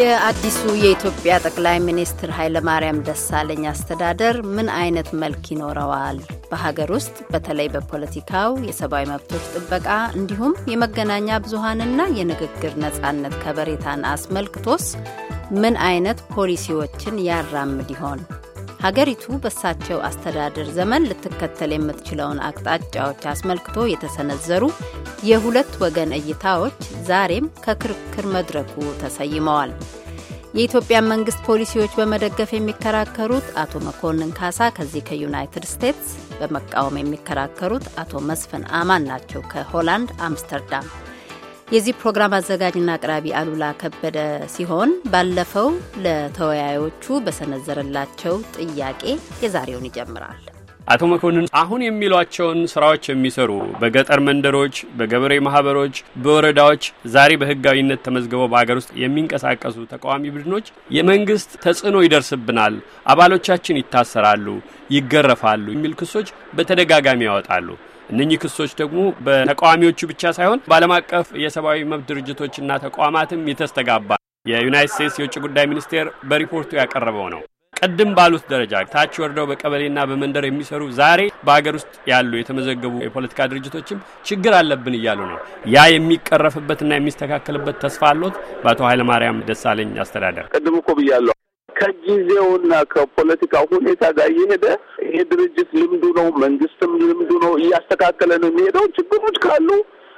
የአዲሱ የኢትዮጵያ ጠቅላይ ሚኒስትር ኃይለማርያም ደሳለኝ አስተዳደር ምን አይነት መልክ ይኖረዋል? በሀገር ውስጥ በተለይ በፖለቲካው፣ የሰብአዊ መብቶች ጥበቃ እንዲሁም የመገናኛ ብዙሀንና የንግግር ነጻነት ከበሬታን አስመልክቶስ ምን አይነት ፖሊሲዎችን ያራምድ ይሆን? ሀገሪቱ በሳቸው አስተዳደር ዘመን ልትከተል የምትችለውን አቅጣጫዎች አስመልክቶ የተሰነዘሩ የሁለት ወገን እይታዎች ዛሬም ከክርክር መድረኩ ተሰይመዋል። የኢትዮጵያ መንግስት ፖሊሲዎች በመደገፍ የሚከራከሩት አቶ መኮንን ካሳ ከዚህ ከዩናይትድ ስቴትስ፣ በመቃወም የሚከራከሩት አቶ መስፍን አማን ናቸው ከሆላንድ አምስተርዳም። የዚህ ፕሮግራም አዘጋጅና አቅራቢ አሉላ ከበደ ሲሆን ባለፈው ለተወያዮቹ በሰነዘረላቸው ጥያቄ የዛሬውን ይጀምራል። አቶ መኮንን አሁን የሚሏቸውን ስራዎች የሚሰሩ በገጠር መንደሮች፣ በገበሬ ማህበሮች፣ በወረዳዎች ዛሬ በህጋዊነት ተመዝግበው በሀገር ውስጥ የሚንቀሳቀሱ ተቃዋሚ ቡድኖች የመንግስት ተጽዕኖ ይደርስብናል፣ አባሎቻችን ይታሰራሉ፣ ይገረፋሉ የሚል ክሶች በተደጋጋሚ ያወጣሉ። እነኚህ ክሶች ደግሞ በተቃዋሚዎቹ ብቻ ሳይሆን በዓለም አቀፍ የሰብአዊ መብት ድርጅቶችና ተቋማትም የተስተጋባ የዩናይት ስቴትስ የውጭ ጉዳይ ሚኒስቴር በሪፖርቱ ያቀረበው ነው። ቅድም ባሉት ደረጃ ታች ወርደው በቀበሌና በመንደር የሚሰሩ ዛሬ በሀገር ውስጥ ያሉ የተመዘገቡ የፖለቲካ ድርጅቶችም ችግር አለብን እያሉ ነው። ያ የሚቀረፍበትና የሚስተካከልበት ተስፋ አሎት? በአቶ ኃይለማርያም ደሳለኝ አስተዳደር ቅድም እኮ ብያለሁ። ከጊዜውና ከፖለቲካ ሁኔታ ጋር እየሄደ ይሄ ድርጅት ልምዱ ነው፣ መንግስትም ልምዱ ነው፣ እያስተካከለ ነው የሚሄደው ችግሮች ካሉ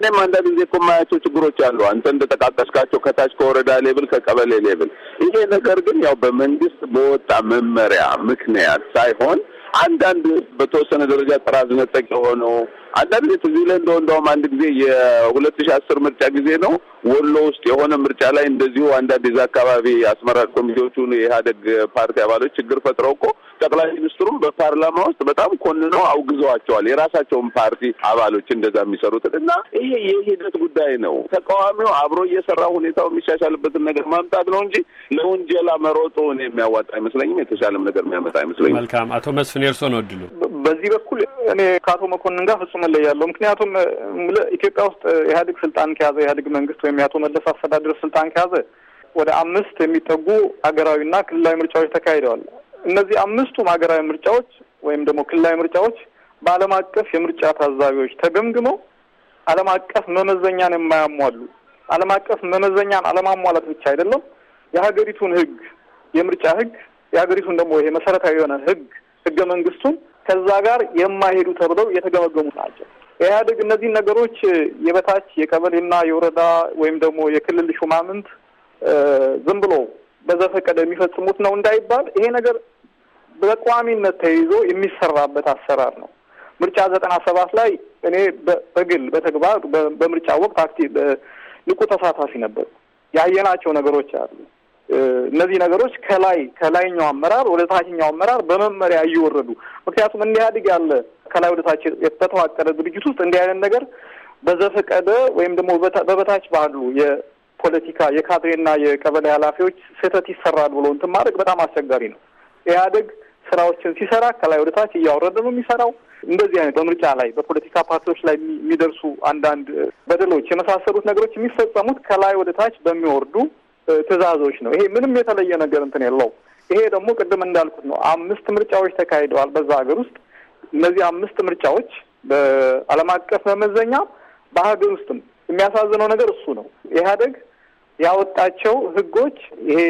እኔም አንዳንድ ጊዜ እኮ የማያቸው ችግሮች አሉ። አንተ እንደጠቃቀስካቸው ከታች ከወረዳ ሌብል፣ ከቀበሌ ሌብል። ይሄ ነገር ግን ያው በመንግስት በወጣ መመሪያ ምክንያት ሳይሆን አንዳንድ በተወሰነ ደረጃ ጥራዝ ነጠቅ የሆኑ አንዳንድ ጊዜ እዚህ ላይ እንደው እንደውም አንድ ጊዜ የሁለት ሺህ አስር ምርጫ ጊዜ ነው ወሎ ውስጥ የሆነ ምርጫ ላይ እንደዚሁ አንዳንድ የዛ አካባቢ አስመራጭ ኮሚቴዎቹን የኢህአደግ ፓርቲ አባሎች ችግር ፈጥረው እኮ ጠቅላይ ሚኒስትሩም በፓርላማ ውስጥ በጣም ኮንነው አውግዘዋቸዋል። የራሳቸውን ፓርቲ አባሎች እንደዛ የሚሰሩትን እና ይሄ የሂደት ጉዳይ ነው። ተቃዋሚው አብሮ እየሰራ ሁኔታው የሚሻሻልበትን ነገር ማምጣት ነው እንጂ ለውንጀላ መሮጡን የሚያዋጣ አይመስለኝም። የተሻለም ነገር የሚያመጣ አይመስለኝም። መልካም አቶ መስፍን እርሶ ነው እድሉ በዚህ በኩል እኔ ከአቶ መኮንን ጋር ፍጹም እለያለሁ። ምክንያቱም ኢትዮጵያ ውስጥ ኢህአዴግ ስልጣን ከያዘ ኢህአዴግ መንግስት ወይም የአቶ መለስ አስተዳደር ስልጣን ከያዘ ወደ አምስት የሚጠጉ ሀገራዊና ክልላዊ ምርጫዎች ተካሂደዋል። እነዚህ አምስቱም ሀገራዊ ምርጫዎች ወይም ደግሞ ክልላዊ ምርጫዎች በዓለም አቀፍ የምርጫ ታዛቢዎች ተገምግመው ዓለም አቀፍ መመዘኛን የማያሟሉ ዓለም አቀፍ መመዘኛን አለማሟላት ብቻ አይደለም የሀገሪቱን ህግ የምርጫ ህግ የሀገሪቱን ደግሞ ይሄ መሰረታዊ የሆነ ህግ ህገ መንግስቱን ከዛ ጋር የማይሄዱ ተብለው የተገመገሙ ናቸው። ኢህአዴግ እነዚህን ነገሮች የበታች የቀበሌና የወረዳ ወይም ደግሞ የክልል ሹማምንት ዝም ብሎ በዘፈቀደ የሚፈጽሙት ነው እንዳይባል ይሄ ነገር በቋሚነት ተይዞ የሚሰራበት አሰራር ነው። ምርጫ ዘጠና ሰባት ላይ እኔ በግል በተግባር በምርጫ ወቅት አክቲ ንቁ ተሳታፊ ነበር። ያየናቸው ነገሮች አሉ። እነዚህ ነገሮች ከላይ ከላይኛው አመራር ወደ ታችኛው አመራር በመመሪያ እየወረዱ ምክንያቱም እንዲህ ኢህአዴግ ያለ ከላይ ወደ ታች የተተዋቀረ ድርጅት ውስጥ እንዲህ አይነት ነገር በዘፈቀደ ወይም ደግሞ በበታች ባሉ የፖለቲካ የካድሬና የቀበሌ ኃላፊዎች ስህተት ይሰራል ብሎ እንትን ማድረግ በጣም አስቸጋሪ ነው። ኢህአደግ ስራዎችን ሲሰራ ከላይ ወደ ታች እያወረደ ነው የሚሰራው። እንደዚህ አይነት በምርጫ ላይ በፖለቲካ ፓርቲዎች ላይ የሚደርሱ አንዳንድ በደሎች የመሳሰሉት ነገሮች የሚፈጸሙት ከላይ ወደ ታች በሚወርዱ ትእዛዞች ነው። ይሄ ምንም የተለየ ነገር እንትን የለው። ይሄ ደግሞ ቅድም እንዳልኩት ነው። አምስት ምርጫዎች ተካሂደዋል በዛ ሀገር ውስጥ። እነዚህ አምስት ምርጫዎች በዓለም አቀፍ መመዘኛ በሀገር ውስጥም የሚያሳዝነው ነገር እሱ ነው። ኢህአደግ ያወጣቸው ህጎች ይሄ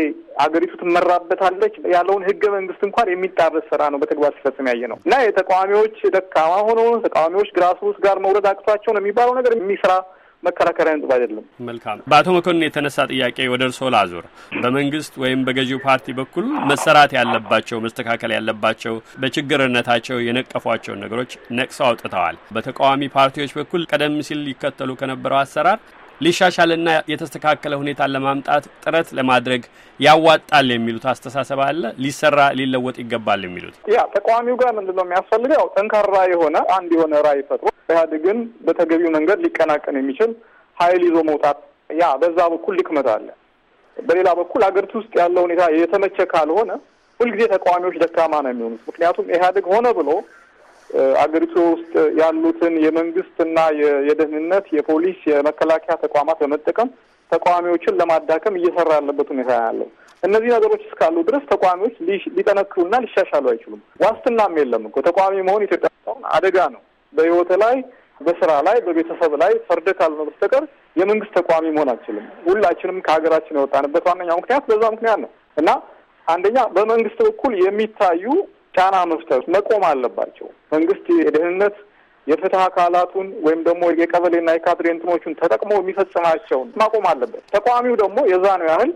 አገሪቱ ትመራበታለች ያለውን ህገ መንግስት እንኳን የሚጣረስ ስራ ነው በተግባር ሲፈጽም ያየ ነው እና የተቃዋሚዎች ደካማ ሆኖ ተቃዋሚዎች ግራስሩት ጋር መውረድ አቅቷቸው ነው የሚባለው ነገር የሚስራ መከራከሪያ ነጥብ አይደለም። መልካም። በአቶ መኮንን የተነሳ ጥያቄ ወደ እርስዎ ላዙር። በመንግስት ወይም በገዢው ፓርቲ በኩል መሰራት ያለባቸው መስተካከል ያለባቸው በችግርነታቸው የነቀፏቸውን ነገሮች ነቅሰው አውጥተዋል። በተቃዋሚ ፓርቲዎች በኩል ቀደም ሲል ይከተሉ ከነበረው አሰራር ሊሻሻልና የተስተካከለ ሁኔታን ለማምጣት ጥረት ለማድረግ ያዋጣል የሚሉት አስተሳሰብ አለ። ሊሰራ ሊለወጥ ይገባል የሚሉት ያ ተቃዋሚው ጋር ምንድን ነው የሚያስፈልገው? ጠንካራ የሆነ አንድ የሆነ ራዕይ ፈጥሮ ኢህአዴግን በተገቢው መንገድ ሊቀናቀን የሚችል ኃይል ይዞ መውጣት። ያ በዛ በኩል ድክመት አለ። በሌላ በኩል አገሪቱ ውስጥ ያለው ሁኔታ የተመቸ ካልሆነ ሁልጊዜ ተቃዋሚዎች ደካማ ነው የሚሆኑት። ምክንያቱም ኢህአዴግ ሆነ ብሎ አገሪቱ ውስጥ ያሉትን የመንግስትና የደህንነት የፖሊስ፣ የመከላከያ ተቋማት በመጠቀም ተቃዋሚዎችን ለማዳከም እየሰራ ያለበት ሁኔታ ያለው። እነዚህ ነገሮች እስካሉ ድረስ ተቃዋሚዎች ሊጠነክሩና ሊሻሻሉ አይችሉም። ዋስትናም የለም እኮ ተቃዋሚ መሆን ኢትዮጵያ አደጋ ነው። በህይወት ላይ፣ በስራ ላይ፣ በቤተሰብ ላይ ፈርደ ካልሆነ በስተቀር የመንግስት ተቃዋሚ መሆን አችልም። ሁላችንም ከሀገራችን የወጣንበት ዋነኛው ምክንያት በዛ ምክንያት ነው እና አንደኛ በመንግስት በኩል የሚታዩ ጫና መፍጠር መቆም አለባቸው። መንግስት የደህንነት የፍትህ አካላቱን ወይም ደግሞ የቀበሌና የካድሬ እንትኖቹን ተጠቅሞ የሚፈጽማቸውን ማቆም አለበት። ተቃዋሚው ደግሞ የዛ ነው ያህል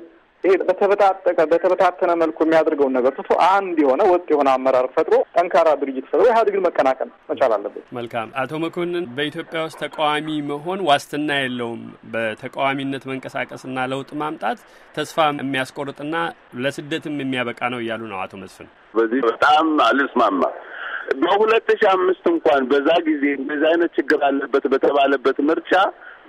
ይሄ በተበታጠቀ በተበታተነ መልኩ የሚያደርገውን ነገር ትቶ አንድ የሆነ ወጥ የሆነ አመራር ፈጥሮ ጠንካራ ድርጅት ፈጥሮ ኢህአዴግን መቀናቀን መቻል አለበት። መልካም። አቶ መኮንን በኢትዮጵያ ውስጥ ተቃዋሚ መሆን ዋስትና የለውም። በተቃዋሚነት መንቀሳቀስና ለውጥ ማምጣት ተስፋ የሚያስቆርጥና ለስደትም የሚያበቃ ነው እያሉ ነው አቶ መስፍን። በዚህ በጣም አልስማማ በሁለት ሺ አምስት እንኳን በዛ ጊዜ እንደዚህ አይነት ችግር አለበት በተባለበት ምርጫ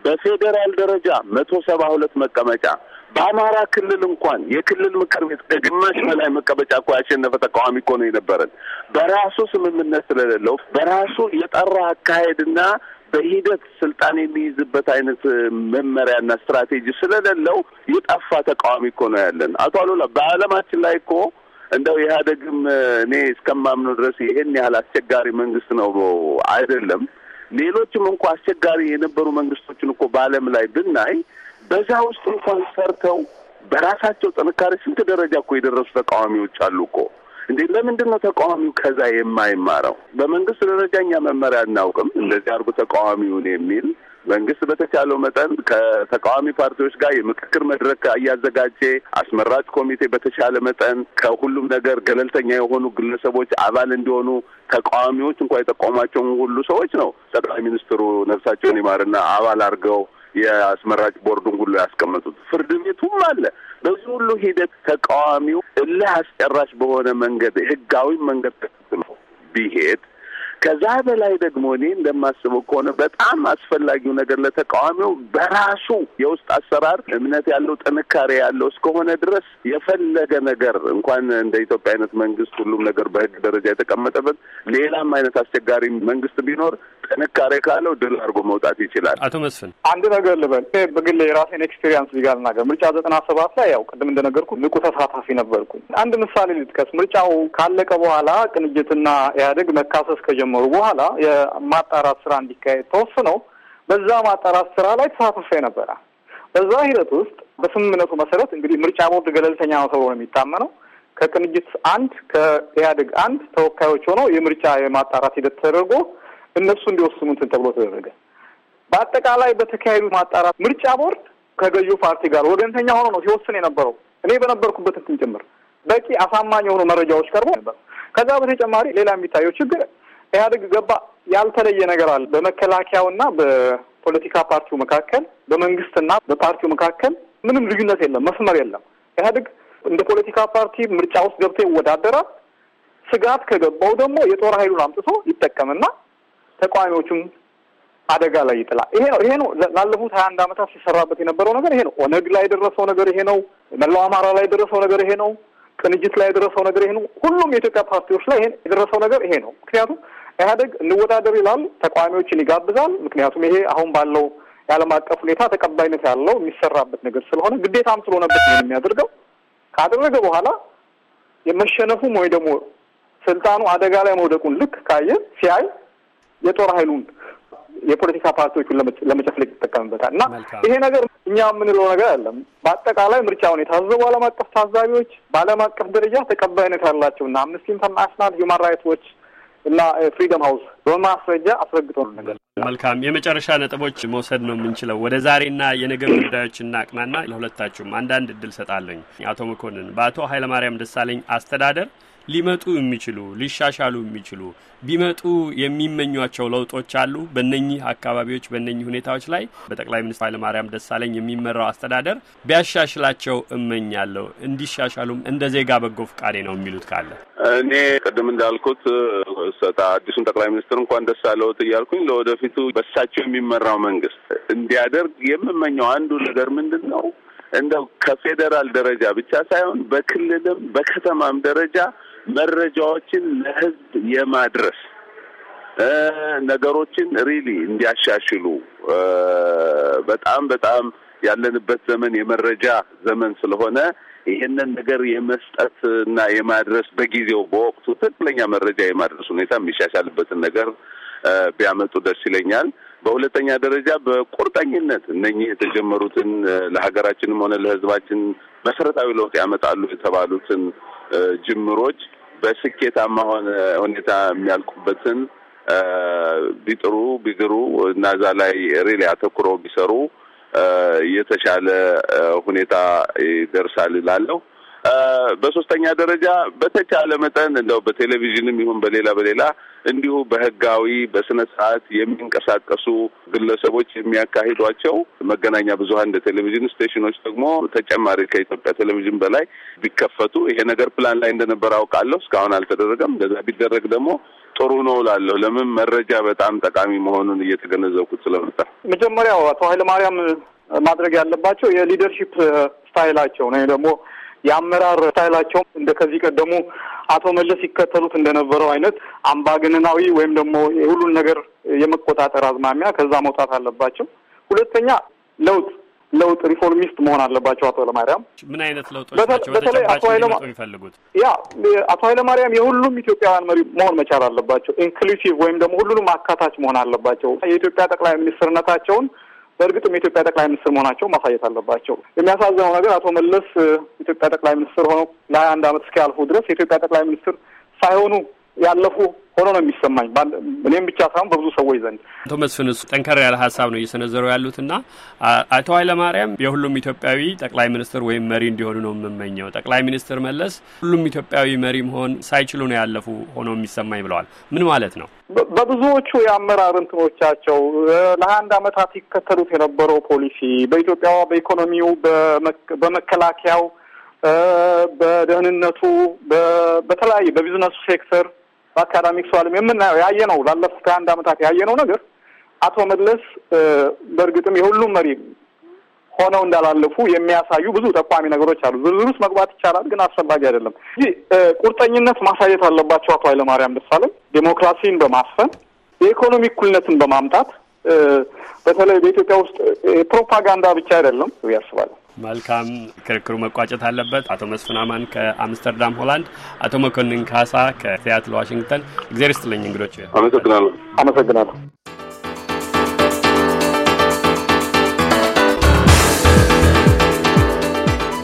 በፌዴራል ደረጃ መቶ ሰባ ሁለት መቀመጫ በአማራ ክልል እንኳን የክልል ምክር ቤት ከግማሽ በላይ መቀመጫ እኮ ያሸነፈ ተቃዋሚ እኮ ነው የነበረን። በራሱ ስምምነት ስለሌለው በራሱ የጠራ አካሄድና በሂደት ስልጣን የሚይዝበት አይነት መመሪያና ስትራቴጂ ስለሌለው የጠፋ ተቃዋሚ እኮ ነው ያለን። አቶ አሉላ በዓለማችን ላይ እኮ እንደው ኢህአደግም እኔ እስከማምኑ ድረስ ይህን ያህል አስቸጋሪ መንግስት ነው አይደለም። ሌሎችም እንኳ አስቸጋሪ የነበሩ መንግስቶችን እኮ በዓለም ላይ ብናይ በዛ ውስጥ እንኳን ሰርተው በራሳቸው ጥንካሬ ስንት ደረጃ እኮ የደረሱ ተቃዋሚዎች አሉ እኮ። እንዴ ለምንድን ነው ተቃዋሚው ከዛ የማይማረው? በመንግስት ደረጃ እኛ መመሪያ አናውቅም እንደዚህ አድርጎ ተቃዋሚውን የሚል መንግስት በተቻለው መጠን ከተቃዋሚ ፓርቲዎች ጋር የምክክር መድረክ እያዘጋጀ አስመራጭ ኮሚቴ በተቻለ መጠን ከሁሉም ነገር ገለልተኛ የሆኑ ግለሰቦች አባል እንዲሆኑ ተቃዋሚዎች እንኳ የጠቆሟቸውን ሁሉ ሰዎች ነው ጠቅላይ ሚኒስትሩ ነፍሳቸውን ይማርና አባል አድርገው የአስመራጭ ቦርዱን ሁሉ ያስቀመጡት ፍርድ ቤቱም አለ። በዚህ ሁሉ ሂደት ተቃዋሚው እልህ አስጨራሽ በሆነ መንገድ ህጋዊ መንገድ ተከትሎ ቢሄድ ከዛ በላይ ደግሞ እኔ እንደማስበው ከሆነ በጣም አስፈላጊው ነገር ለተቃዋሚው በራሱ የውስጥ አሰራር እምነት ያለው ጥንካሬ ያለው እስከሆነ ድረስ የፈለገ ነገር እንኳን እንደ ኢትዮጵያ አይነት መንግስት ሁሉም ነገር በህግ ደረጃ የተቀመጠበት ሌላም አይነት አስቸጋሪ መንግስት ቢኖር ጥንካሬ ካለው ድል አድርጎ መውጣት ይችላል። አቶ መስፍን አንድ ነገር ልበል። በግል የራሴን ኤክስፔሪንስ ቢጋ ልናገር ምርጫ ዘጠና ሰባት ላይ ያው ቅድም እንደነገርኩ ንቁ ተሳታፊ ነበርኩ። አንድ ምሳሌ ልጥቀስ። ምርጫው ካለቀ በኋላ ቅንጅትና ኢህአዴግ መካሰስ ከጀመሩ በኋላ የማጣራት ስራ እንዲካሄድ ተወስነው በዛ ማጣራት ስራ ላይ ተሳትፌ ነበረ። በዛ ሂደት ውስጥ በስምምነቱ መሰረት እንግዲህ ምርጫ ቦርድ ገለልተኛ ነው ተብሎ ነው የሚታመነው ከቅንጅት አንድ ከኢህአዴግ አንድ ተወካዮች ሆነው የምርጫ የማጣራት ሂደት ተደርጎ እነሱ እንዲወስኑ እንትን ተብሎ ተደረገ። በአጠቃላይ በተካሄዱ ማጣራት ምርጫ ቦርድ ከገዢ ፓርቲ ጋር ወገንተኛ ሆኖ ነው ሲወስን የነበረው። እኔ በነበርኩበት እንትን ጭምር በቂ አሳማኝ የሆኑ መረጃዎች ቀርቦ ነበር። ከዛ በተጨማሪ ሌላ የሚታየው ችግር ኢህአዴግ ገባ ያልተለየ ነገር አለ። በመከላከያውና በፖለቲካ ፓርቲው መካከል፣ በመንግስትና በፓርቲው መካከል ምንም ልዩነት የለም፣ መስመር የለም። ኢህአዴግ እንደ ፖለቲካ ፓርቲ ምርጫ ውስጥ ገብቶ ይወዳደራል። ስጋት ከገባው ደግሞ የጦር ኃይሉን አምጥቶ ይጠቀምና ተቃዋሚዎቹም አደጋ ላይ ይጥላል። ይሄ ነው ይሄ ነው ላለፉት ሀያ አንድ ዓመታት ሲሰራበት የነበረው ነገር ይሄ ነው። ኦነግ ላይ የደረሰው ነገር ይሄ ነው። መላው አማራ ላይ የደረሰው ነገር ይሄ ነው። ቅንጅት ላይ የደረሰው ነገር ይሄ ነው። ሁሉም የኢትዮጵያ ፓርቲዎች ላይ ይሄ የደረሰው ነገር ይሄ ነው። ምክንያቱም ኢህአደግ እንወዳደር ይላል፣ ተቃዋሚዎችን ይጋብዛል። ምክንያቱም ይሄ አሁን ባለው የዓለም አቀፍ ሁኔታ ተቀባይነት ያለው የሚሰራበት ነገር ስለሆነ ግዴታም ስለሆነበት ነው የሚያደርገው። ካደረገ በኋላ የመሸነፉም ወይ ደግሞ ስልጣኑ አደጋ ላይ መውደቁን ልክ ካየ ሲያይ የጦር ኃይሉን የፖለቲካ ፓርቲዎቹን ለመጨፍለቅ ይጠቀምበታል እና ይሄ ነገር እኛ የምንለው ነገር አለም። በአጠቃላይ ምርጫውን የታዘቡ ዓለም አቀፍ ታዛቢዎች በዓለም አቀፍ ደረጃ ተቀባይነት ያላቸው እና አምነስቲ ኢንተርናሽናል፣ ሁማን ራይት ዎች እና ፍሪደም ሀውስ በማስረጃ አስረግጦ ነው ነገር መልካም የመጨረሻ ነጥቦች መውሰድ ነው የምንችለው። ወደ ዛሬና የነገ ጉዳዮች እናቅናና ለሁለታችሁም አንዳንድ እድል ሰጣለኝ። አቶ መኮንን በአቶ ኃይለማርያም ደሳለኝ አስተዳደር ሊመጡ የሚችሉ ሊሻሻሉ የሚችሉ ቢመጡ የሚመኟቸው ለውጦች አሉ። በነኚህ አካባቢዎች በነኚህ ሁኔታዎች ላይ በጠቅላይ ሚኒስትር ኃይለማርያም ደሳለኝ የሚመራው አስተዳደር ቢያሻሽላቸው እመኛለሁ። እንዲሻሻሉም እንደ ዜጋ በጎ ፍቃዴ ነው የሚሉት ካለ እኔ ቅድም እንዳልኩት አዲሱን ጠቅላይ ሚኒስትር እንኳን ደስ አለዎት እያልኩኝ ለወደፊቱ በሳቸው የሚመራው መንግስት እንዲያደርግ የምመኘው አንዱ ነገር ምንድን ነው እንደው ከፌዴራል ደረጃ ብቻ ሳይሆን በክልልም በከተማም ደረጃ መረጃዎችን ለህዝብ የማድረስ ነገሮችን ሪሊ እንዲያሻሽሉ በጣም በጣም ያለንበት ዘመን የመረጃ ዘመን ስለሆነ ይሄንን ነገር የመስጠት እና የማድረስ በጊዜው በወቅቱ ትክክለኛ መረጃ የማድረስ ሁኔታ የሚሻሻልበትን ነገር ቢያመጡ ደስ ይለኛል። በሁለተኛ ደረጃ በቁርጠኝነት እነኚህ የተጀመሩትን ለሀገራችንም ሆነ ለህዝባችን መሰረታዊ ለውጥ ያመጣሉ የተባሉትን ጅምሮች በስኬታማ ሆነ ሁኔታ የሚያልቁበትን ቢጥሩ ቢግሩ እና እዛ ላይ ሪል አተኩረው ቢሰሩ የተሻለ ሁኔታ ይደርሳል እላለሁ። በሶስተኛ ደረጃ በተቻለ መጠን እንደው በቴሌቪዥንም ይሁን በሌላ በሌላ እንዲሁ በህጋዊ በስነ ስርዓት የሚንቀሳቀሱ ግለሰቦች የሚያካሂዷቸው መገናኛ ብዙሀን እንደ ቴሌቪዥን ስቴሽኖች ደግሞ ተጨማሪ ከኢትዮጵያ ቴሌቪዥን በላይ ቢከፈቱ ይሄ ነገር ፕላን ላይ እንደነበር አውቃለሁ። እስካሁን አልተደረገም። እንደዛ ቢደረግ ደግሞ ጥሩ ነው እላለሁ። ለምን መረጃ በጣም ጠቃሚ መሆኑን እየተገነዘብኩት ስለመጣ መጀመሪያው አቶ ኃይለማርያም ማድረግ ያለባቸው የሊደርሺፕ ስታይላቸው ነው ደግሞ የአመራር ስታይላቸውም እንደ ከዚህ ቀደሙ አቶ መለስ ሲከተሉት እንደነበረው አይነት አምባገነናዊ ወይም ደግሞ የሁሉን ነገር የመቆጣጠር አዝማሚያ ከዛ መውጣት አለባቸው። ሁለተኛ ለውጥ ለውጥ ሪፎርሚስት መሆን አለባቸው። አቶ ኃይለማርያም ምን አይነት ለውጦች በተለይ አቶ የሚፈልጉት? ያ አቶ ኃይለማርያም የሁሉም ኢትዮጵያውያን መሪ መሆን መቻል አለባቸው። ኢንክሉሲቭ ወይም ደግሞ ሁሉንም አካታች መሆን አለባቸው። የኢትዮጵያ ጠቅላይ ሚኒስትርነታቸውን በእርግጥም የኢትዮጵያ ጠቅላይ ሚኒስትር መሆናቸው ማሳየት አለባቸው። የሚያሳዝነው ነገር አቶ መለስ ኢትዮጵያ ጠቅላይ ሚኒስትር ሆነው ለሀያ አንድ አመት እስኪያልፉ ድረስ የኢትዮጵያ ጠቅላይ ሚኒስትር ሳይሆኑ ያለፉ ሆኖ ነው የሚሰማኝ። እኔም ብቻ ሳይሆን በብዙ ሰዎች ዘንድ። አቶ መስፍን ጠንከር ያለ ሀሳብ ነው እየሰነዘሩ ያሉት እና አቶ ኃይለማርያም የሁሉም ኢትዮጵያዊ ጠቅላይ ሚኒስትር ወይም መሪ እንዲሆኑ ነው የምመኘው። ጠቅላይ ሚኒስትር መለስ ሁሉም ኢትዮጵያዊ መሪ መሆን ሳይችሉ ነው ያለፉ ሆኖ የሚሰማኝ ብለዋል። ምን ማለት ነው? በብዙዎቹ የአመራር እንትኖቻቸው ለሀያ አንድ ዓመታት ይከተሉት የነበረው ፖሊሲ በኢትዮጵያ በኢኮኖሚው፣ በመከላከያው፣ በደህንነቱ፣ በተለያዩ በቢዝነሱ ሴክተር በአካዳሚክ ዓለም የምናየው ያየነው ላለፉት ከአንድ ያየ ነው ነገር አቶ መለስ በእርግጥም የሁሉም መሪ ሆነው እንዳላለፉ የሚያሳዩ ብዙ ጠቋሚ ነገሮች አሉ። ዝርዝር ውስጥ መግባት ይቻላል፣ ግን አስፈላጊ አይደለም እዚህ ቁርጠኝነት ማሳየት አለባቸው አቶ ኃይለማርያም ደሳለኝ ዴሞክራሲን በማስፈን የኢኮኖሚ እኩልነትን በማምጣት በተለይ በኢትዮጵያ ውስጥ ፕሮፓጋንዳ ብቻ አይደለም ያስባለሁ። መልካም ክርክሩ መቋጨት አለበት። አቶ መስፍን አማን ከአምስተርዳም ሆላንድ፣ አቶ መኮንን ካሳ ከሲያትል ዋሽንግተን፣ እግዜር ይስጥልኝ እንግዶች። አመሰግናለሁ። አመሰግናለሁ።